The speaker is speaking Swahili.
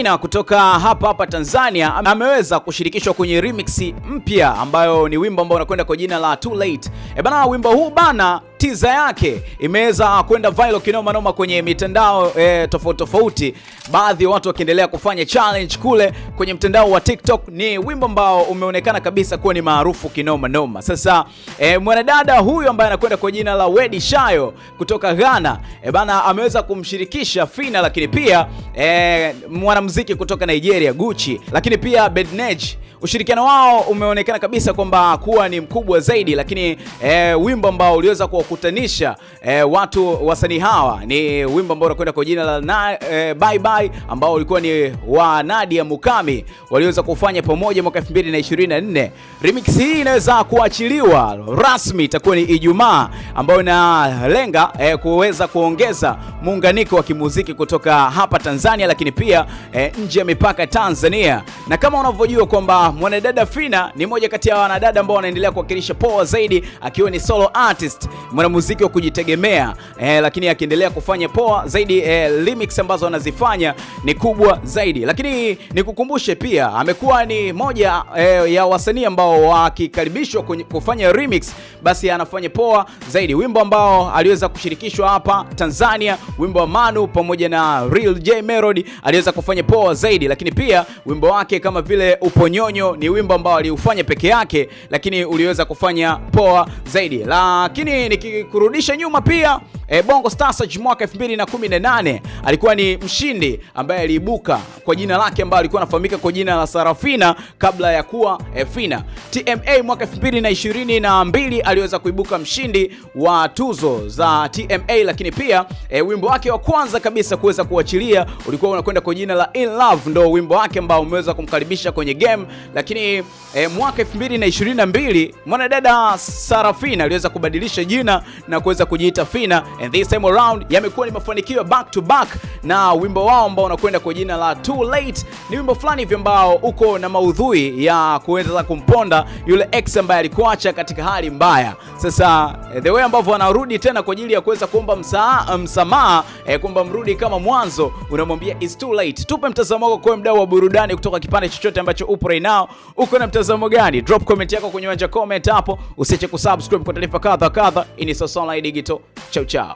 Amina kutoka hapa hapa Tanzania ameweza kushirikishwa kwenye remix mpya ambayo ni wimbo ambao unakwenda kwa jina la Too Late. E bana, wimbo huu bana tiza yake imeweza kwenda viral kinoma noma kwenye mitandao e, tofauti tofauti, baadhi ya watu wakiendelea kufanya challenge kule kwenye mtandao wa TikTok. Ni wimbo ambao umeonekana kabisa kuwa ni maarufu kinoma noma. Sasa e, mwanadada huyu ambaye anakwenda kwa jina la Wedi Shayo kutoka Ghana e, bana ameweza kumshirikisha Fina, lakini pia e, mwanamuziki kutoka Nigeria Gucci, lakini pia Bednej ushirikiano wao umeonekana kabisa kwamba kuwa ni mkubwa zaidi, lakini e, wimbo ambao uliweza kuwakutanisha e, watu wasanii hawa ni wimbo ambao unakwenda kwa jina la na, e, bye bye ambao ulikuwa ni wa Nadia Mukami waliweza kufanya pamoja mwaka 2024. Remix hii inaweza kuachiliwa rasmi, itakuwa ni Ijumaa ambayo inalenga e, kuweza kuongeza muunganiko wa kimuziki kutoka hapa Tanzania, lakini pia e, nje ya mipaka Tanzania, na kama unavyojua kwamba mwanadada Fina ni moja kati ya wanadada ambao wanaendelea kuwakilisha poa zaidi, akiwa ni solo artist, mwanamuziki wa kujitegemea eh, lakini akiendelea kufanya poa zaidi eh, remix ambazo anazifanya ni kubwa zaidi, lakini nikukumbushe pia amekuwa ni moja eh, ya wasanii ambao wakikaribishwa kufanya remix basi anafanya poa zaidi. Wimbo ambao aliweza kushirikishwa hapa Tanzania, wimbo wa Manu pamoja na Real J Melody aliweza kufanya poa zaidi, lakini pia wimbo wake kama vile uponyonyo Matamanio ni wimbo ambao aliufanya peke yake, lakini uliweza kufanya poa zaidi. Lakini nikikurudisha nyuma pia E, Bongo Star Search mwaka 2018 alikuwa ni mshindi ambaye aliibuka kwa jina lake ambaye alikuwa anafahamika kwa jina la Sarafina kabla ya kuwa e, Fina. TMA mwaka 2022 aliweza kuibuka mshindi wa tuzo za TMA, lakini pia e, wimbo wake wa kwanza kabisa kuweza kuachilia ulikuwa unakwenda kwa jina la In Love, ndo wimbo wake ambao umeweza kumkaribisha kwenye game, lakini e, mwaka 2022 mwanadada Sarafina aliweza kubadilisha jina na kuweza kujiita Fina and this time around yamekuwa ni mafanikio back to back, na wimbo wao ambao unakwenda kwa jina la Too Late ni wimbo fulani hivi ambao uko na maudhui ya kuweza kumponda yule ex ambaye alikuacha katika hali mbaya. Sasa eh, the way ambavyo wanarudi tena kwa ajili ya kuweza kuomba msamaha eh, msamaha, eh, kuomba mrudi kama mwanzo, unamwambia it's too late. Tupe mtazamo wako kwa mdau wa burudani kutoka kipande chochote ambacho upo right now, uko na mtazamo gani? Drop comment yako kwenye uwanja comment hapo, usiache kusubscribe kwa taarifa kadha kadha. Ini Sasa Online Digital, chao chao.